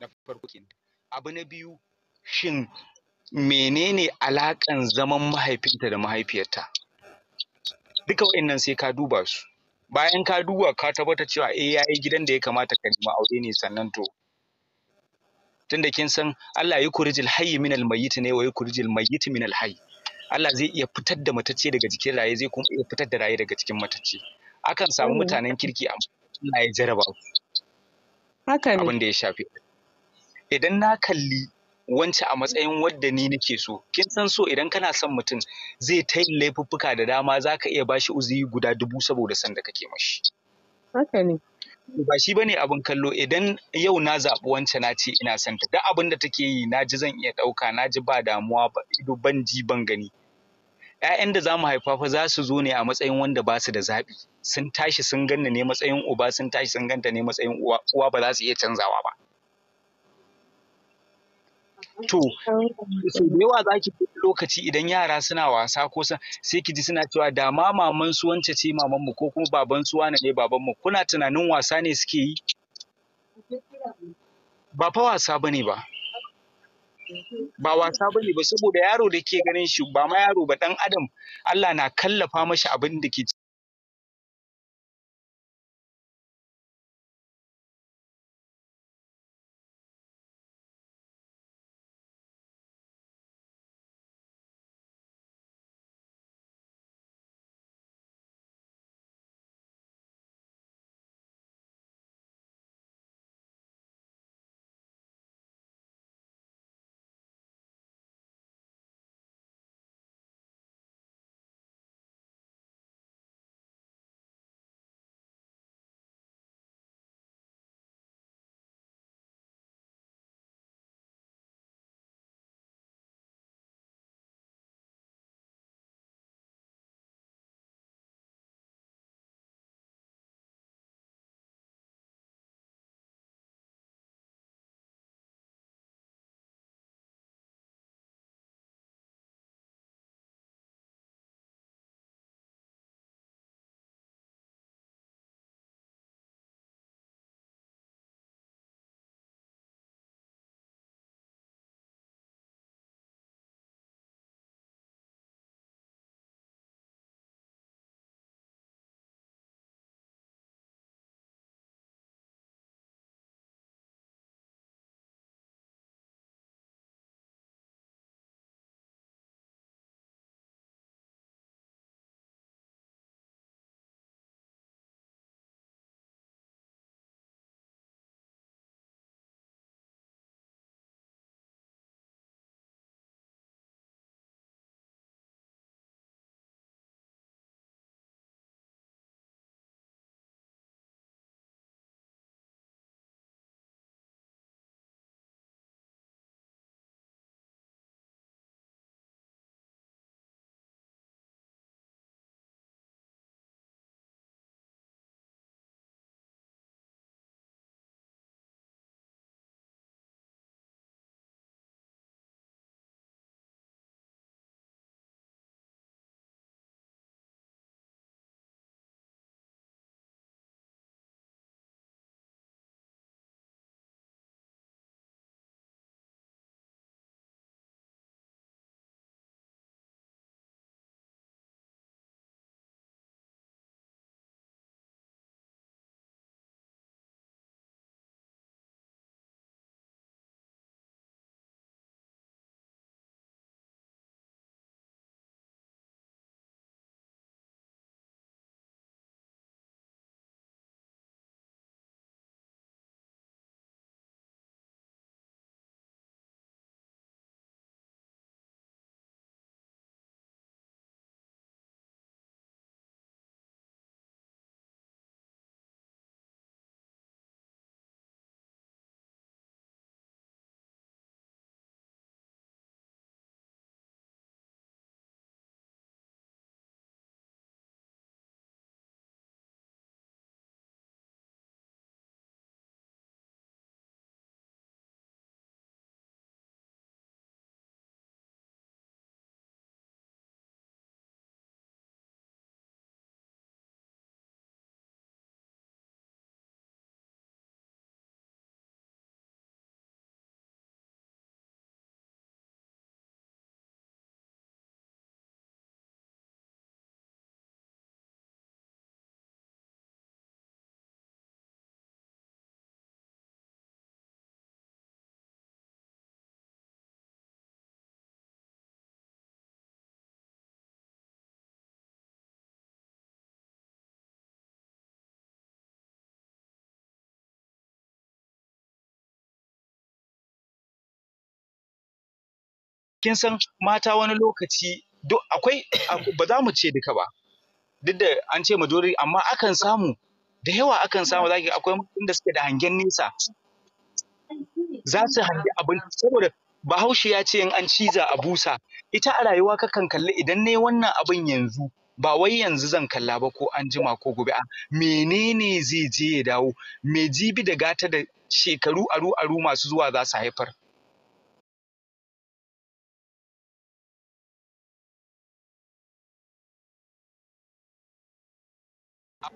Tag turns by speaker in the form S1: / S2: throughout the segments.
S1: na farko kenan abu na biyu shin menene alakan zaman mahaifinta da mahaifiyarta duka wa'annan sai ka duba su bayan ka duba ka tabbata cewa eh yayi gidan da ya kamata ka nemi aure ne sannan to tunda kin san Allah ya kurijil hayy minal mayyit ne wa yukurijil mayyit minal hayy Allah zai iya fitar da matacce daga jikin raye zai kuma iya fitar da raye daga cikin matacce akan samu mm. mutanen kirki amma Allah ya jaraba su abin da ya shafi idan na kalli wance a matsayin wadda ni nake so kin san so idan kana son mutum zai ta yin laifuffuka da dama za ka iya shi uzuri guda dubu saboda son da kake mashi haka ne ba shi bane abin kallo idan yau na zaɓi wance na ce ina son ta duk abin da take yi na ji zan iya ɗauka na ji ba damuwa ba ido ban ji ban gani ‘ya'yan da za mu haifa fa za su zo ne a matsayin wanda ba su da zaɓi sun tashi sun ganna ne matsayin uba sun tashi sun ganta ne matsayin uwa ba za su iya canzawa ba To, so da yawa za ki lokaci idan yara suna wasa ko sai ki ji suna cewa da ma maman su wance ce maman mu ko kuma baban su wane ne baban mu kuna tunanin wasa ne suke yi? Ba fa wasa bane ba. Ba wasa bane ba saboda yaro da ke ganin shi ba ma yaro ba dan adam Allah na kallafa mashi abin da ke kin san mata wani lokaci duk akwai ba za mu ce duka ba duk da an ce majority amma akan samu da yawa akan samu zaki akwai mutum da suke da hangen nesa za su hangi abin saboda bahaushe ya ce in an ciza a busa ita a rayuwa kakan kalli idan ne wannan abin yanzu ba wai yanzu zan kalla ba ko an jima ko gobe a menene zai je ya dawo me jibi da gata da shekaru aru aru masu zuwa za su haifar 앞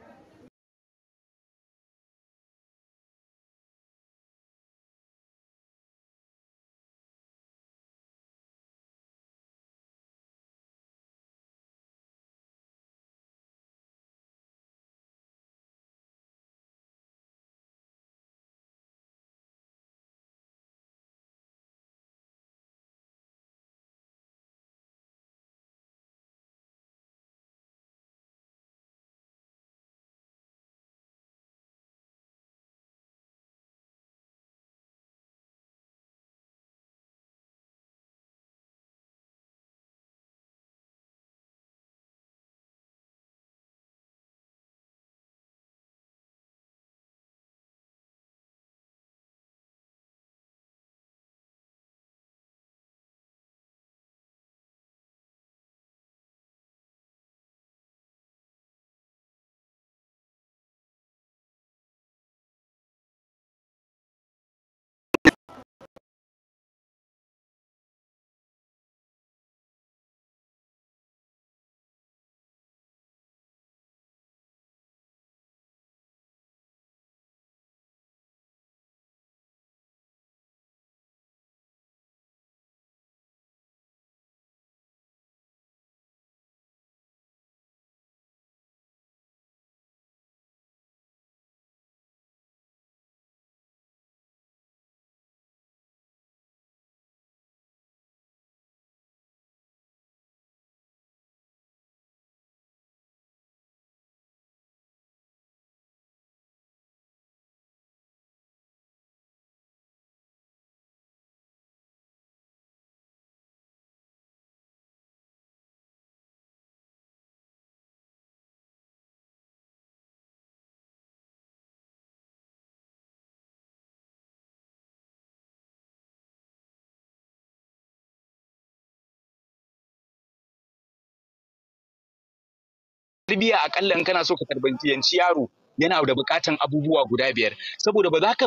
S1: tarbiyya akalla in kana so ka tarbiyyanci yaro yana da buƙatan abubuwa guda biyar saboda ba za ka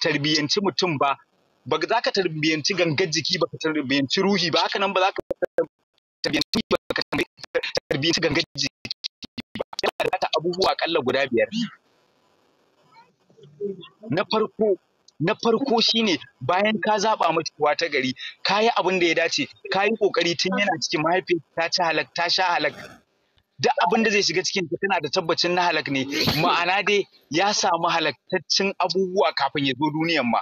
S1: tarbiyyanci mutum ba ba za ka tarbiyyanci gangar jiki ba ka tarbiyyanci ruhi ba haka nan ba za ka tarbiyyanci ba ka gangar jiki ba yana da ta abubuwa akalla guda biyar na farko na farko shine bayan ka zaba mace kuwa ta gari kayi abin da ya dace kayi kokari tun yana cikin mahaifi ta ci halak ta sha halak duk abin da zai shiga cikin ta tana da tabbacin na halak ne ma'ana dai ya samu halaktaccen abubuwa kafin ya zo duniyan ma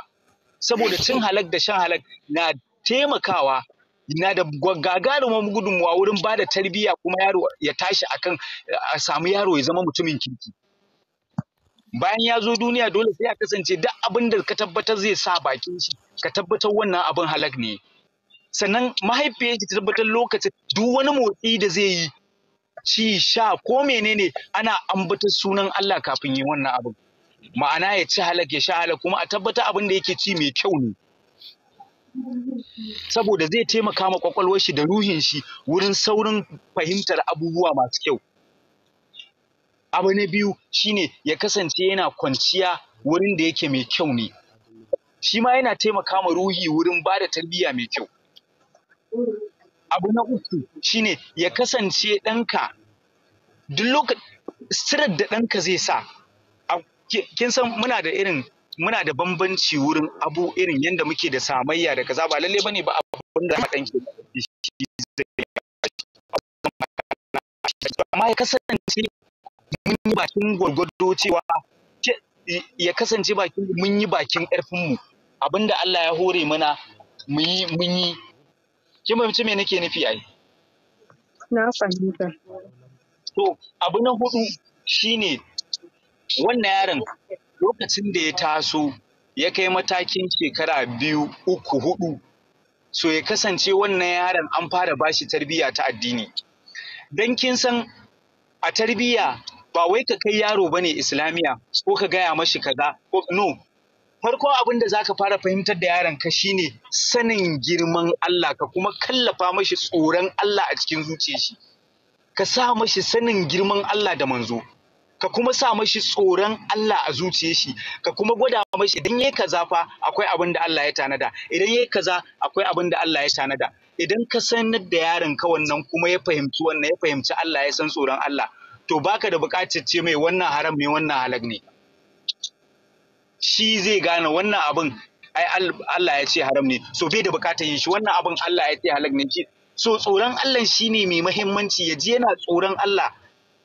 S1: saboda cin halak da shan halak na taimakawa na da gagarumar gudunmuwa wurin ba da tarbiyya kuma yaro ya tashi akan a samu yaro ya zama mutumin kirki bayan ya zo duniya dole sai ya kasance duk abin da ka tabbatar zai sa bakin shi ka tabbatar wannan abin halak ne sannan mahaifiyar ta tabbatar lokacin duk wani motsi da zai yi ci sha ko menene ana ambata sunan Allah kafin yi wannan abin ma'ana ya ci halak ya sha halak kuma a tabbata abin da yake ci mai kyau ne saboda zai taimaka ma kwakwalwar shi da ruhin shi wurin saurin fahimtar abubuwa masu kyau abu na biyu shine ya kasance yana kwanciya wurin da yake mai kyau ne shi ma yana taimaka ma ruhi wurin ba da tarbiyya mai kyau abu na uku shine ya kasance ɗanka duk lokacin sirar da ɗanka zai sa kin san muna da irin muna da bambanci wurin abu irin yadda muke da samayya da kaza ba lalle bane ba abun da ɗan ke amma ya kasance mun yi bakin gwargwado cewa ya kasance bakin mun yi bakin ƙarfinmu abinda Allah ya hore mana mun yi kin fahimci me nake nufi ai na fahimta to abu na hudu shine wannan yaron lokacin da ya taso ya kai matakin shekara biyu uku hudu so ya kasance wannan yaron an fara bashi tarbiyya ta addini dan kin san a tarbiyya ba wai ka kai yaro bane islamiya ko ka gaya mashi kaza ko no farko abin da zaka fara fahimtar da yaron ka shine sanin girman Allah ka kuma kallafa mashi tsoron Allah a cikin zuciyar shi ka sa mashi sanin girman Allah da manzo ka kuma sa mashi tsoron Allah a zuciyar shi ka kuma gwada mashi idan yayi kaza fa akwai abin da Allah ya tanada idan yayi kaza akwai abin da Allah ya tanada idan ka sanar da yaron ka wannan kuma ya fahimci wannan ya fahimci Allah ya san tsoron Allah to baka da bukatar ce mai wannan haram ne wannan halak ne shi zai gane wannan abin ai Allah ya ce haram ne so bai da bukatar yin shi wannan abin Allah ya ce halak ne shi so tsoron Allah shine mai muhimmanci ya ji yana tsoron Allah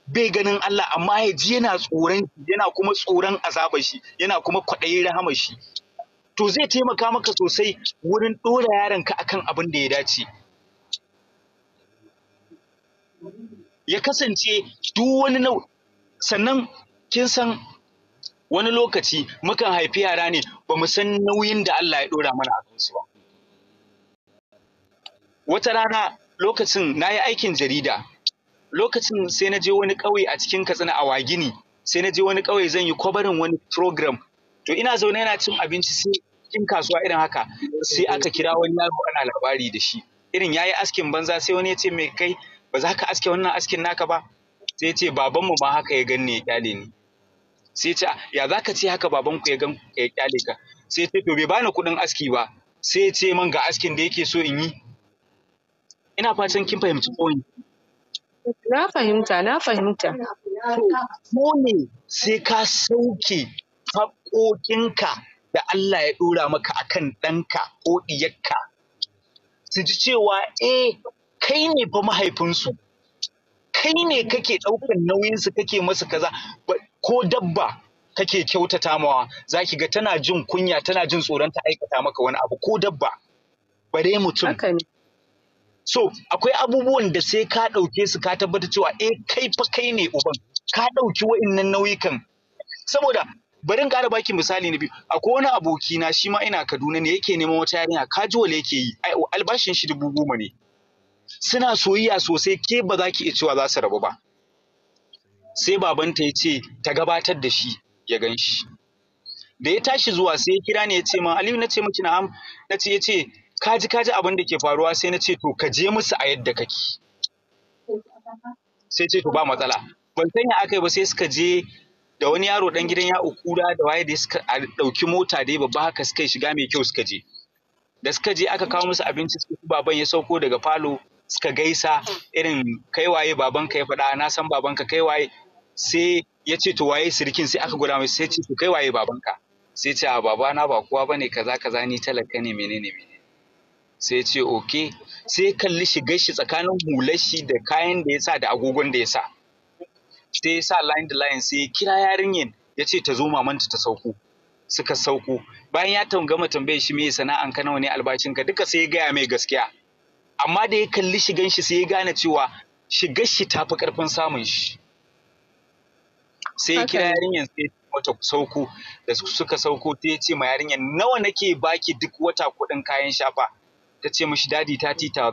S1: bai ganin Allah amma ya ji yana tsoron shi, yana kuma tsoron azabar shi yana kuma kwaɗayin rahamar shi to zai taimaka maka sosai wurin ɗora yaronka akan abin da ya dace ya kasance duk wani nau sannan kin san wani lokaci mukan haifi yara ne ba mu san nauyin da Allah ya dora mana a kansu ba. Wata rana lokacin na yi aikin jarida, lokacin sai na je wani ƙauye a cikin Katsina a Wagini, sai na je wani ƙauye zan yi kwabarin wani program. To ina zaune yana cin abinci sai cikin kasuwa irin haka sai aka kira wani yaro ana labari da shi. Irin ya yi askin banza sai wani ya ce mai kai ba za ka aske wannan askin naka ba. Sai ya ce babanmu ma haka ya ganni ya kyale ni. sai ce ah, ya za ka ce haka baban ku ya gan ya kyale ka sai ce to bai bani kuɗin aski ba sai ce man ga askin da yake so in yi ina fatan kin fahimci koyi na fahimta na fahimta ko ne sai ka sauke haƙoƙinka da Allah ya ɗora maka akan ɗanka ko ɗiyarka su ji cewa eh kai ne fa mahaifinsu kai ne kake ɗaukan nauyinsu kake masa kaza ko dabba kake kyautata mawa za ki ga tana jin kunya tana jin tsoron ta aikata maka wani abu ko dabba bare mutum so akwai abubuwan da sai ka ɗauke su ka tabbata cewa e kai fa kai ne uban ka ɗauki wa'innan nauyukan saboda bari in ƙara baki misali na biyu akwai wani aboki na shi ma ina Kaduna ne yake neman wata yarinya wale yake yi albashin shi dubu goma ne suna soyayya sosai ke ba za ki iya cewa za su rabu ba sai babanta ya ce ta gabatar da shi ya gan shi da ya tashi zuwa sai ya kira ni ya ce min Aliyu na ce miki na'am na ce ya ce kaji kaji abin da ke faruwa sai na ce to ka je musu a yadda kake sai ce to ba matsala ban san aka akai ba sai suka je da wani yaro dan gidan ya ukura da waye da suka dauki mota dai babba haka suka shiga mai kyau suka je da suka je aka kawo musu abinci suka baban ya sauko daga falo suka gaisa irin kai babanka ya faɗa na san babanka kai sai ya ce to waye sirkin sai aka gwada mai sai ce to kai waye babanka sai ce a babana ba kowa bane kaza kaza ni talaka ne menene menene sai ce okay sai kalli shigar shi tsakanin hular shi da kayan da ya sa da agogon da ya sa sai ya sa line da line sai ya kira yarinyin ya ce ta zo mamanta ta sauko suka sauko bayan ya tangama tambayar shi me sana'an ka nawa ne albashin ka duka sai ya gaya mai gaskiya amma da ya kalli shigan shi sai ya gane cewa shigar shi tafi karfin samun shi sai kira yarinyar sai wata sauko da suka sauko ta ce ma yarinyar nawa nake baki duk wata kuɗin kayan shafa ta ce mashi dadi ta ti ta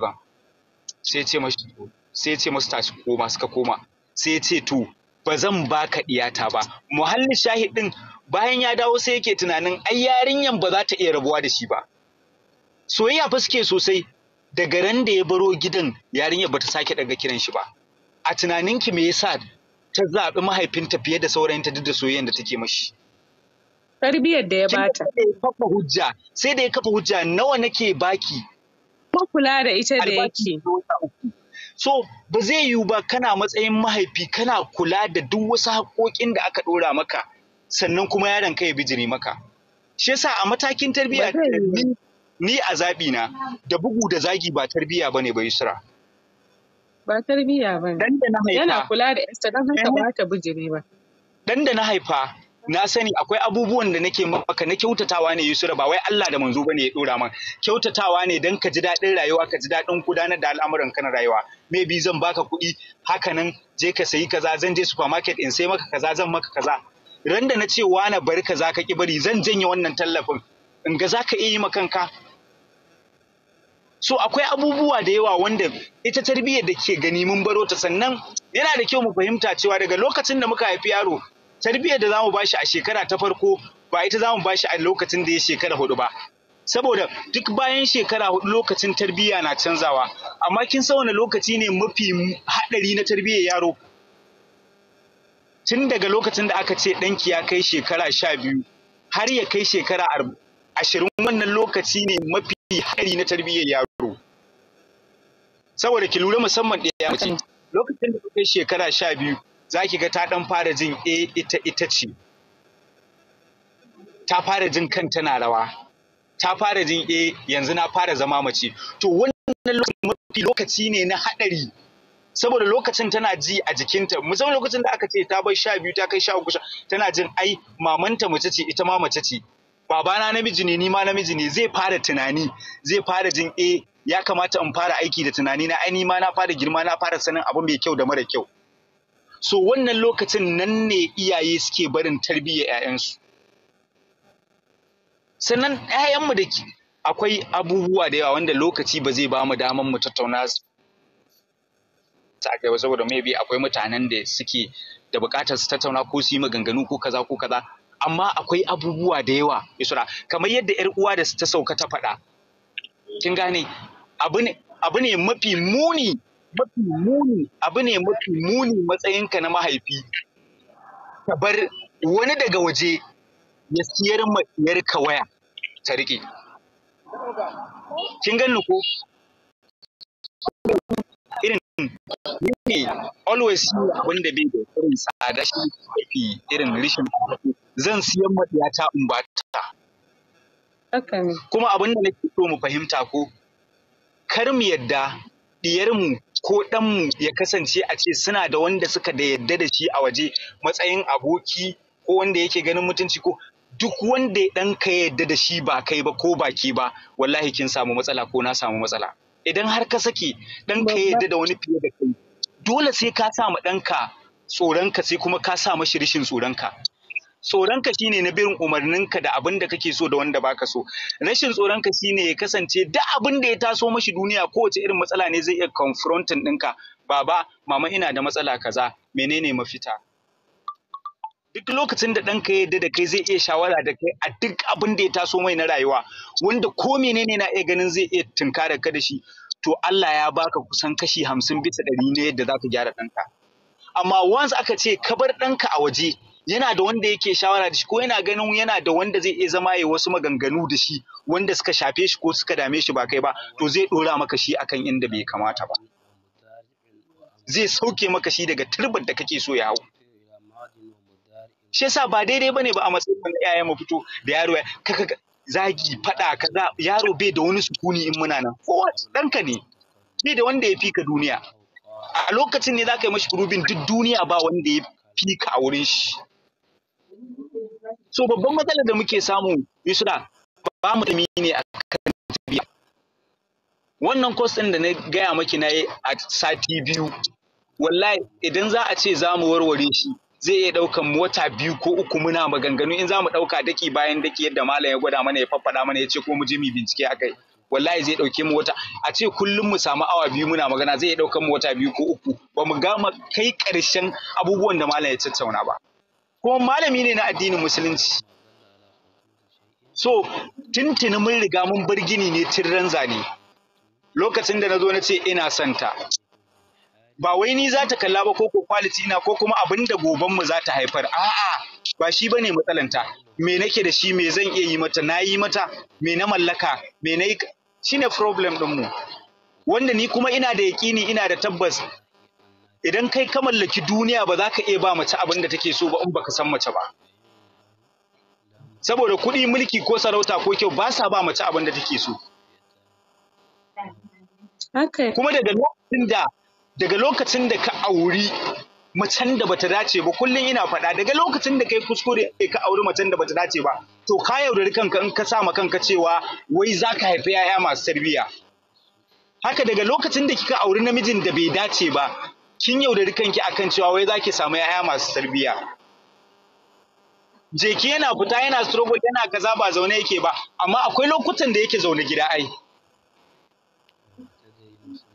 S1: sai ce mashi sai ce masu tashi koma suka koma sai ce to ba zan baka diyata ba muhallin shahidin bayan ya dawo sai yake tunanin ai yarinyar ba za ta iya rabuwa da shi ba soyayya fa suke sosai daga ran da ya baro gidan yarinyar ba ta sake daga kiran shi ba a tunaninki me yasa ta zaɓi mahaifinta fiye da saurayinta duk da soyayyar da take mashi. Tarbiyyar da ya bata. da ya Kafa hujja sai da ya kafa hujja nawa nake baki. Kuma kula da ita da yake. So ba zai yiwu ba kana matsayin mahaifi kana kula da duk wasu haƙoƙin da aka ɗora maka sannan kuma yaron ka ya bijiri maka. Shi yasa a matakin tarbiyya ni a zaɓina da bugu da zagi ba tarbiyya bane ba Yusra. Ba tarbiyya ba ne. Yana kula da yasta don haka ba ta bijire ba. Dan da na haifa na sani akwai abubuwan da nake maka na kyautatawa ne Yusuf ba wai Allah da manzo bane ya dora man kyautatawa ne dan ka ji daɗin rayuwa ka ji daɗin gudanar da al'amuran kana rayuwa maybe zan baka kuɗi hakanan je ka sayi kaza zan je supermarket in sai maka kaza zan maka kaza randa na ce na bari kaza ka ki bari zan janye wannan tallafin in ga zaka iya yi ma kanka so akwai abubuwa da yawa wanda ita tarbiyyar da ke gani mun baro ta sannan yana da kyau mu fahimta cewa daga lokacin da muka haifi yaro tarbiyyar da zamu bashi a shekara ta farko ba ita zamu bashi a lokacin da ya shekara hudu ba saboda duk bayan shekara hudu lokacin tarbiyya na canzawa amma kin san wani lokaci ne mafi hadari na tarbiyyar yaro tun daga lokacin da aka ce ɗanki ya kai shekara sha biyu har ya kai shekara ashirin wannan lokaci ne mafi hari na tarbiyyar yaro saboda ki lura musamman ɗaya mutum lokacin da kuka shekara sha biyu za ki ga ta ɗan fara jin e ita ita ce ta fara jin kan tana rawa ta fara jin e yanzu na fara zama mace to wannan lokaci lokaci ne na haɗari saboda lokacin tana ji a jikinta musamman lokacin da aka ce ta bar sha biyu ta kai sha uku tana jin ai mamanta mace ce ita ma mace ce babana namiji ne ni ma namiji ne zai fara tunani zai fara jin A. Eh, ya kamata in fara aiki da tunani na ai ma na fara girma na fara sanin abu mai kyau da mara kyau so wannan lokacin nan ne iyaye suke barin tarbiyyar 'ya'yansu sannan 'ya'yanmu da akwai abubuwa da yawa wanda lokaci ba zai ba mu daman mu tattauna su ba saboda maybe akwai mutanen da suke da bukatar su tattauna ko su yi maganganu ko kaza ko kaza amma akwai abubuwa da yawa kamar yadda 'yar uwa da ta sauka ta faɗa kin gane abu ne mafi muni mafi muni abu ne mafi muni matsayinka na mahaifi ka bar wani daga waje ya siyar matsayar ka waya ta riƙe kin gan ko irin ne always yi da bai da irin tsada shi mafi irin rishin zan siyan matsayata in ba ta kuma abin da nake so mu fahimta ko kar mu yadda diyarmu ko ɗanmu ya kasance a ce suna da wanda suka da yadda da shi a waje matsayin aboki ko wanda yake ganin mutunci ko duk wanda ɗan ka yadda da shi ba kai ba ko baki ba wallahi kin samu matsala ko na samu matsala idan har ka saki ɗan ka yadda da wani fiye da kai dole sai ka sa ma ɗanka tsoronka sai kuma ka sa mashi rishin tsoronka tsoronka shine na umarnin umarninka da abin da kake so da wanda baka so rashin tsoronka shine ya kasance da abin da ya taso mashi duniya kowace irin matsala ne zai iya confronting ɗinka baba mama ina da matsala kaza menene mafita duk lokacin da ɗanka ya yarda da kai zai iya shawara da kai a duk abin da ya taso mai na rayuwa wanda ko menene na iya ganin zai iya tunkarar ka da shi to Allah ya baka kusan kashi hamsin bisa ɗari ne yadda za ka gyara ɗanka amma once aka ce ka bar ɗanka a waje yana da wanda yake shawara da shi ko yana ganin yana da wanda zai iya zama ya wasu maganganu da shi wanda suka shafe shi ko suka dame shi ba kai ba to zai dora maka shi akan inda bai kamata ba zai sauke maka shi daga turbar da kake so ya hau shi yasa ba daidai bane ba a matsayin iyayen mu fito da yaro kaka zagi fada kaza yaro bai da wani sukuni in muna nan kowa danka ne bai da wanda ya fika duniya a lokacin ne za ka yi mashi rubin duk duniya ba wanda ya fika a wurin shi So babban matsalar da muke samu Yusra ba mu da ne a kan tarbiyya. Wannan course ɗin da na gaya maki na yi a sati biyu wallahi idan za a ce za mu warware shi zai iya ɗaukan wata biyu ko uku muna maganganu in za mu ɗauka daki bayan daki yadda malam ya gwada mana ya faffada mana ya ce ko mu je mu bincike a kai wallahi zai ɗauke mu wata a ce kullum mu samu awa biyu muna magana zai iya ɗaukan mu wata biyu ko uku ba mu gama kai ƙarshen abubuwan da malam ya tattauna ba. kuma malami ne na addinin musulunci so tuntuni mun riga mun bar gini ne ran zane lokacin da na zo na ce ina santa ba wai ni za ta kalla ba ko ko quality na ko kuma abin da goban za ta haifar a'a ba shi ba ne matsalanta me nake da shi me zan iya yi mata na yi mata me na mallaka me na yi Shi ne problem ɗinmu wanda ni kuma ina da yaƙini ina da tabbas idan kai ka mallaki duniya ba za ka iya ba mace abin da take so ba in baka san mace ba saboda kuɗi mulki ko sarauta ko kyau ba sa ba mace abin da take so kuma daga lokacin da daga lokacin da ka auri macen da bata dace ba kullum ina faɗa daga lokacin da kai kuskure ka auri macen da bata dace ba to ka yaudari kanka in ka sa ma kanka cewa wai za ka haifi 'ya'ya masu tarbiyya haka daga lokacin da kika auri namijin da bai dace ba kin yaudari kanki akan cewa wai zaki samu yaya masu tarbiyya jeki yana fita yana struggle yana kaza ba zaune yake ba amma akwai lokutan da yake zaune gida ai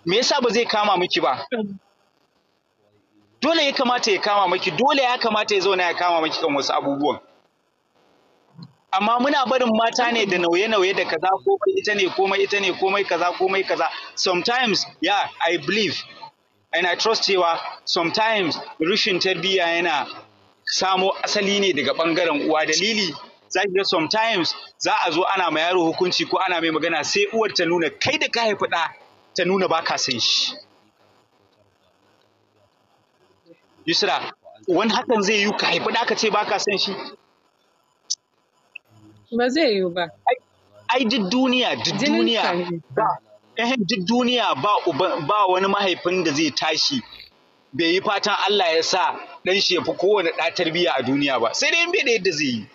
S1: me yasa ba zai kama miki ba dole ya kamata ya kama miki dole ya kamata ya zauna ya kama miki kan wasu abubuwan amma muna barin mata ne da nauye-nauye da kaza komai ita ne komai ita ne komai kaza komai kaza sometimes yeah i believe and I trust cewa sometimes rushin tarbiyya yana samo asali ne daga ɓangaren uwa dalili za ki ga sometimes za a zo ana ma yaro hukunci ko ana mai magana sai uwar ta nuna kai da ka haifi ɗa ta nuna ba ka san shi yusra wani hakan zai yi ka haifi ɗa ka ce ba ka san shi ba zai yi ba ai duk duniya duk duniya ɗahin eh, duk duniya ba wani mahaifin da zai tashi bai yi fatan Allah ya sa dan shi ya fi kowane ɗa tarbiyya a duniya ba sai dai in bai da yadda zai yi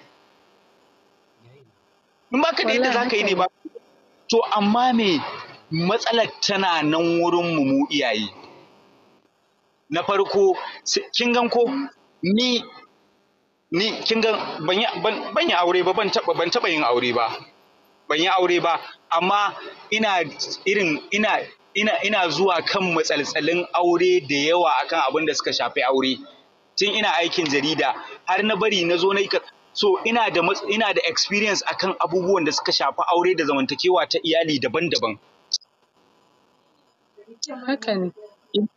S1: in ba ka da yadda za ka yi ne ba to amma me matsalar tana nan wurin mu mu iyaye na farko kin gan ko ni ni kin gan ban yi aure ba ban taba ban taba yin aure ba ban yi aure ba amma ina irin ina ina ina zuwa kan matsaltsalin aure da yawa akan abin da suka shafi aure tun ina aikin jarida har na bari na zo na so ina da ina da experience akan abubuwan da suka shafi aure da zamantakewa ta iyali daban-daban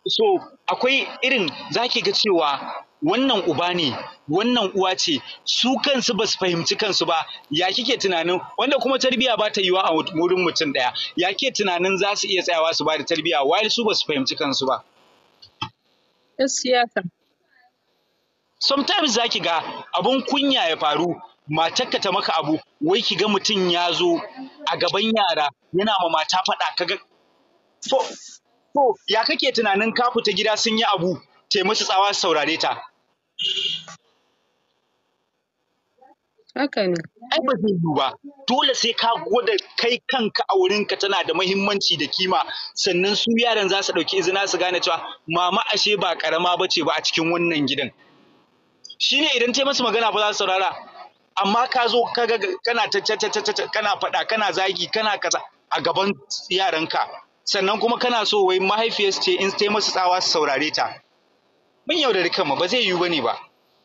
S1: so akwai irin zaki ga cewa wannan uba ne wannan uwa ce su kansu ba su fahimci kansu ba ya kike tunanin wanda kuma tarbiya ba ta yiwa a wurin mutum ɗaya ya ke tunanin za su iya tsayawa su ba da tarbiya wani su ba su fahimci kansu ba kan sometimes za ki ga abun kunya ya faru matarka ta maka abu wai ki ga mutum ya zo a gaban yara yana ma mata faɗa kaga to ya kake tunanin ka fita gida sun yi abu te musu tsawa saurare ta Haka ne. Ai ba zai yiwu ba. Dole sai ka gwada kai kanka a wurinka tana da mahimmanci da kima sannan su yaran za su ɗauki izina su gane cewa mama ashe ba ƙarama ba ce ba a cikin wannan gidan. Shi ne idan ta yi masu magana ba za su saurara. Amma ka zo kaga kana ta kana faɗa kana zagi kana kaza a gaban yaranka. Sannan kuma kana so wai mahaifiyarsu ce in ta yi masu tsawa su saurare ta. mun yaudari kanmu ba zai yiwu bane ba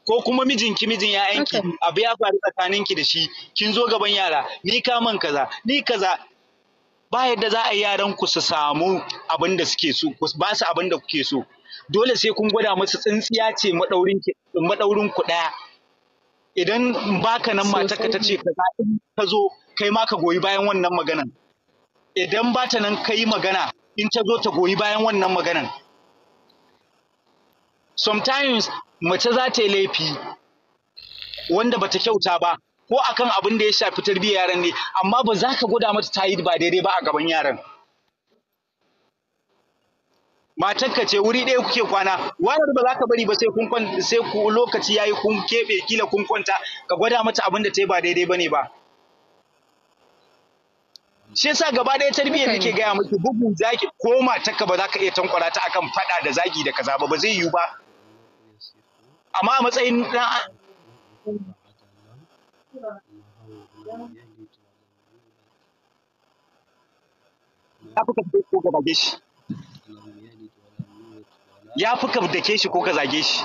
S1: ko kuma mijinki mijin ya'yanki abu ya faru tsakaninki da shi kin zo gaban yara ni ka man kaza ni kaza ba yadda za a yi yaran ku su samu abin da suke so ba su abin da kuke so dole sai kun gwada musu tsintsiya ce madaurin ku ɗaya idan baka nan mata ka ce kaza ka zo kai ma ka goyi bayan wannan maganan idan ba ta nan kai magana in ta zo ta goyi bayan wannan maganan sometimes mace za ta yi laifi wanda bata kyauta ba ko akan abin da ya shafi tarbiyyar yaran ne amma ba za ka gwada mata ta yi ba daidai ba a gaban yaran matarka ce wuri ɗaya kuke kwana wayar ba za ka bari ba sai kun sai ku lokaci yayi kun keɓe kila kun kwanta ka gwada mata abin da ta yi ba daidai bane ba shi yasa gaba ɗaya tarbiyyar ke gaya miki bugu zaki ko matarka ba za ka iya tankwara ta akan faɗa da zagi da kaza ba ba zai yiwu ba amma a matsayin na ya fi ka dake shi ko ka zage shi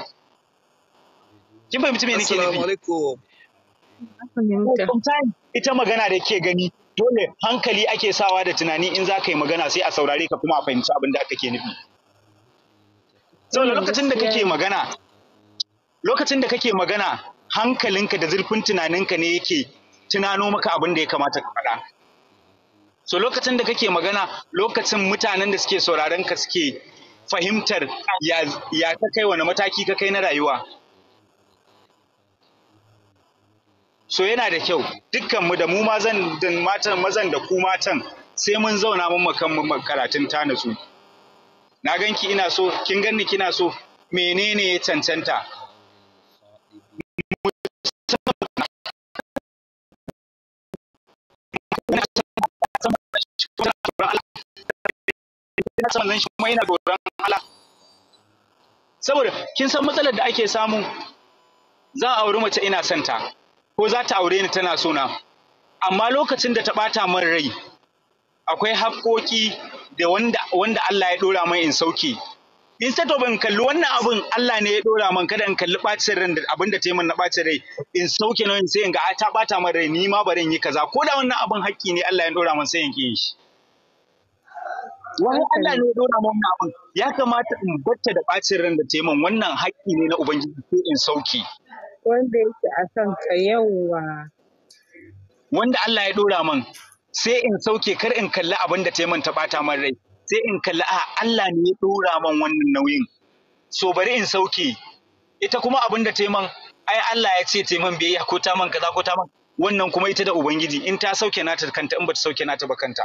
S1: kin fahimci me nake nufi ita magana da ke gani dole hankali ake sawa da tunani in za ka yi magana sai a saurare ka kuma a fahimci abin da aka ke nufi saboda lokacin da kake magana lokacin da kake magana hankalinka da zurfin tunaninka ne yake tunano maka abin da ya kamata ka faɗa so lokacin da kake magana lokacin mutanen da suke sauraron ka suke fahimtar ya ka kai wani mataki ka kai na rayuwa so yana da kyau dukkanmu da mu mazan da matan mazan da ku matan sai mun zauna mun makan karatun ta su na ganki ina so kin ganni kina so menene ya cancanta ina son manzon shi kuma ina tsoron Allah saboda kin san matsalar da ake samu za a auri mace ina son ta ko za ta aure ni tana so na amma lokacin da ta bata min rai akwai haƙoƙi da wanda wanda Allah ya dora min in sauke in to ban kalli wannan abin Allah ne ya dora man kada in kalli bacin ran abinda abin da ta yi min na bacin rai in sauke nauyin sai in ga ta bata min rai ni ma bari in yi kaza ko da wannan abin haƙƙi ne Allah ya dora man sai in yi shi wani Allah ne dora mun abin ya kamata in bacce da bacin ran da ta min wannan haƙƙi ne na ubangiji ko in sauki wanda yake a son ka yawa wanda Allah ya dora man, sai in sauke kar in kalli abin da ta min ta bata min rai sai in kalli a Allah ne ya dora man wannan nauyin so bari in sauke ita kuma abin da ta min ai Allah ya ce ta min ya ko ta min kaza ko ta min wannan kuma ita da ubangiji in ta sauke nata kanta in ba ta sauke nata ba kanta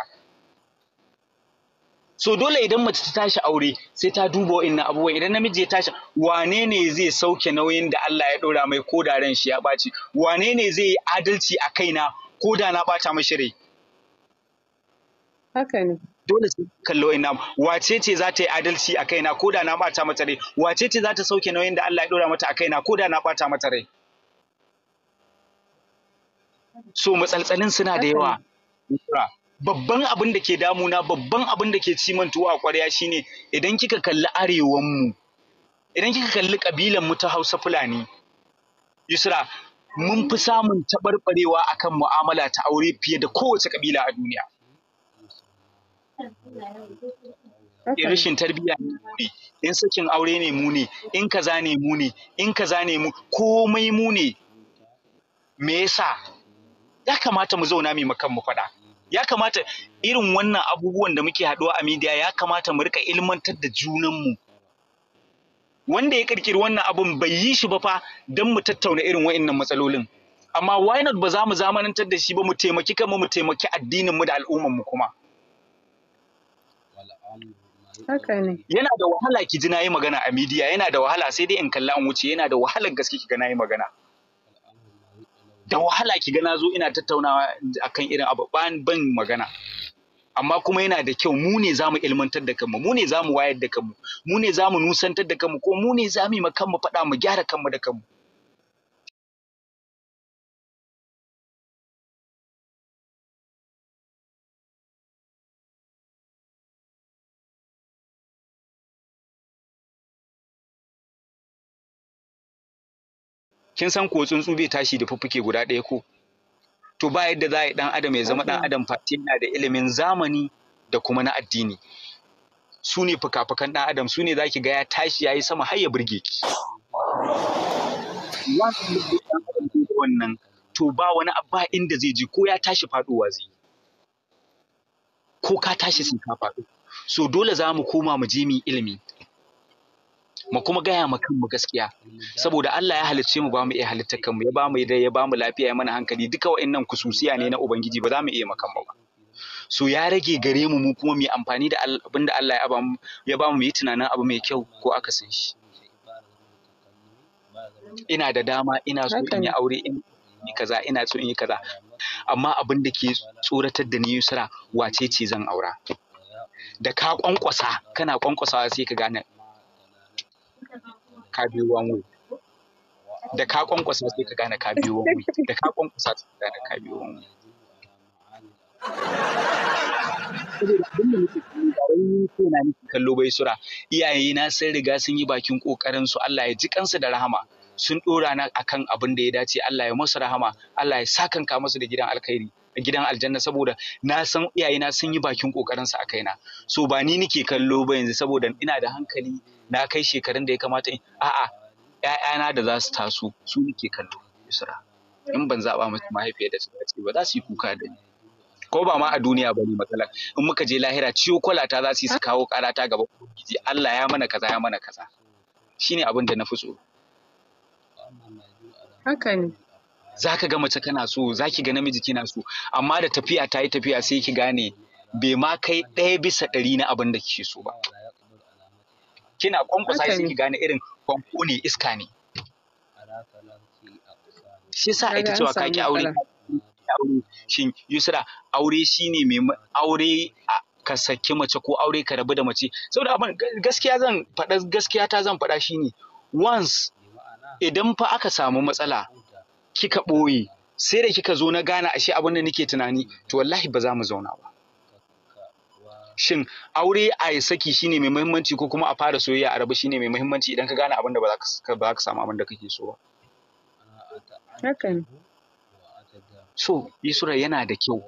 S1: so dole idan mace ta tashi aure sai ta duba wa'annan abubuwan idan namiji ya tashi wane ne zai sauke nauyin da Allah ya ɗora mai ko da ran shi ya ɓaci wane ne zai yi adalci a kaina ko da na ɓata mashi rai haka ne dole sai kallo ina wace ce za ta yi adalci a kaina ko da na ɓata mata rai wace ce za ta sauke nauyin da Allah ya ɗora mata a kaina ko da na ɓata mata rai so matsaltsalin suna da yawa babban abin da ke damuna babban abin da ke cimantuwa a ƙwarya shine idan kika kalli arewanmu idan kika kalli kabilan mu ta Hausa Fulani Yusra mun fi samun taɓarɓarewa akan mu'amala ta aure fiye da kowace kabila a duniya in rashin tarbiyya ne mu ne in sakin aure ne mu ne in kaza ne mu ne in kaza ne mu komai mu ne me yasa ya kamata mu zauna mai makan mu faɗa ya kamata irin wannan abubuwan da muke haɗuwa a media ya kamata mu rika ilmantar da junanmu wanda ya kirkiri wannan abun bai yi shi ba fa don mu tattauna irin wa'annan matsalolin amma why not ba za mu zamanantar da shi ba mu taimaki kanmu mu taimaki addinin mu da al'umman mu kuma haka yana da wahala ki ji na yi magana a media yana da wahala sai dai in kalla in wuce yana da wahalar gaske ki ga na yi magana da wahala ki ga zo ina tattaunawa akan irin abu ban magana amma kuma yana da kyau mu ne zamu ilmantar da kanmu mu ne zamu wayar da kanmu mu ne zamu nusantar da kanmu ko mu ne zamu yi kanmu faɗa mu gyara kanmu da kanmu kin san ko tsuntsu bai tashi da fuffuke guda ɗaya ko to ba yadda za a yi ɗan adam ya zama ɗan adam fati? yana da ilimin zamani da kuma na addini su ne fuka-fukan ɗan adam su ne za ki ga ya tashi ya yi sama har ya burge ki wannan to ba wani ba inda zai ji ko ya tashi faɗuwa zai yi ko ka tashi sun ka faɗo so dole za mu koma mu je mu ilimi mu kuma gaya ma kanmu gaskiya saboda Allah ya halicce mu ba mu iya halitta kanmu ya ba mu dai ya ba mu lafiya ya mana hankali duka wa'annan kususiya ne na ubangiji ba za mu iya makan ba so ya rage gare mu mu kuma mu amfani da abin da Allah ya ba mu yi tunanin abu mai kyau ko aka san shi ina da dama ina so in yi aure in yi kaza ina so in yi kaza amma abin da ke tsoratar da ni yusra wace ce zan aura da ka kwankwasa kana kwankwasawa sai ka gane ka biyo one way da ka kwankwasa sai ka gane ka biyo one way da ka kwankwasa sai ka gane ka biyo one way kallo bai sura iyaye na sun riga sun yi bakin kokarin su Allah ya ji kansu da rahama sun dora na akan abin da ya dace Allah ya musu rahama Allah ya sakanka musu da gidan alkhairi gidan aljanna saboda na san iyayena sun yi bakin kokarin su a kaina so ba ni nike kallo ba yanzu saboda ina da hankali na kai shekarun da ya kamata a'a ƴaƴana da za su taso su nike kallo isra in ban zaba musu mahaifiya da ta dace ba za su yi kuka da ni ko ba ma a duniya ba ne matsala in muka je lahira ciwo kwalata za su yi su kawo ta gaba ubangiji Allah ya mana kaza ya mana kaza shine abin da na fi tsoro haka ne za ka ga mace kana so za ki ga namiji kina so amma da tafiya ta yi tafiya sai ki gane bai ma kai ɗaya bisa ɗari na abin da kike so ba kina kwankwasa sai ki gane irin kwanko ne iska ne
S2: shi sa ake cewa ka ki aure
S1: shin yusra aure shine mai aure ka saki mace ko aure ka rabu da mace saboda abin gaskiya zan faɗa gaskiya ta zan faɗa shine once idan fa aka samu matsala kika ɓoye sai da kika zo na gane ashe abin da nake tunani to wallahi ba za mu zauna ba shin aure a yi saki shine mai muhimmanci ko kuma a fara soyayya a rabu shine mai muhimmanci idan ka gane abin da ba za ka samu abin da kake so ba hakan so Yusra yana da kyau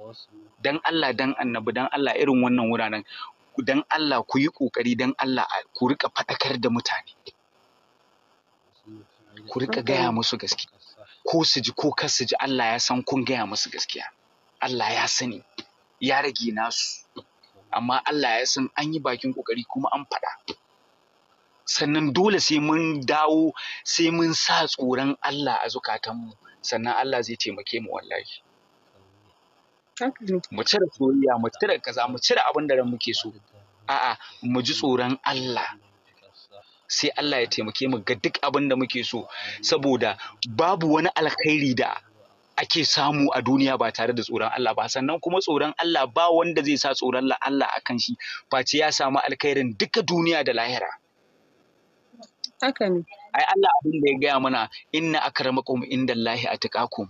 S1: dan Allah dan annabi dan Allah irin wannan wuraren dan Allah ku yi kokari dan Allah ku rika faɗakar da mutane ku rika gaya musu gaske ko su ji ko kar su ji Allah ya san kun gaya musu gaskiya Allah ya sani ya rage nasu amma Allah ya san an yi bakin kokari kuma an faɗa sannan dole sai mun dawo sai mun sa tsoron Allah a zukatanmu sannan Allah zai taimake mu wallahi mu cire soyayya mu cire kaza mu cire abin da ran muke so a'a mu ji tsoron Allah sai Allah ya taimake mu ga duk abin da muke so saboda babu wani alkhairi da ake samu a duniya ba tare da tsoron Allah ba sannan kuma tsoron Allah ba wanda zai sa tsoron Allah kan shi face ya samu alkhairin duka duniya da lahira haka ne ai Allah abin da ya gaya mana inna akramakum indallahi atqakum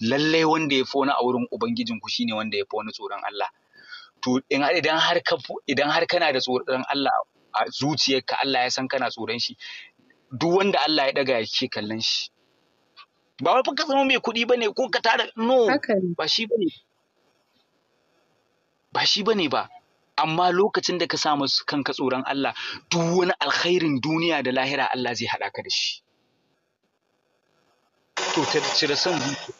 S1: lallai wanda ya fi wani a wurin ubangijin ku shine wanda ya fi tsoron Allah to idan har ka idan har kana da tsoron Allah a zuciyarka Allah ya san kana tsoron shi duk wanda Allah ya daga yake kallon shi ba wai ka zama mai kuɗi bane ko ka tara no ba shi bane ba shi bane ba amma lokacin da ka sa kanka tsoron Allah duk wani alkhairin duniya da lahira Allah zai haɗa ka da shi to ta cire son zuciya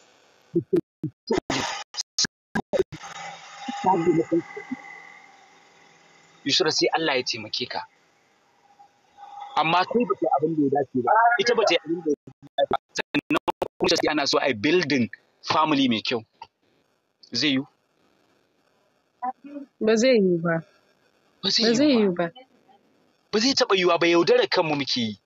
S1: Yusra sai Allah ya taimake ka amma kai ba ta abin da ya dace ba ita ba ta yi abin da ya dace ba sannan kuma sai ana so a building family mai kyau zai yi ba zai yi ba ba zai yi ba ba zai taɓa yiwa ba yaudarar kanmu muke yi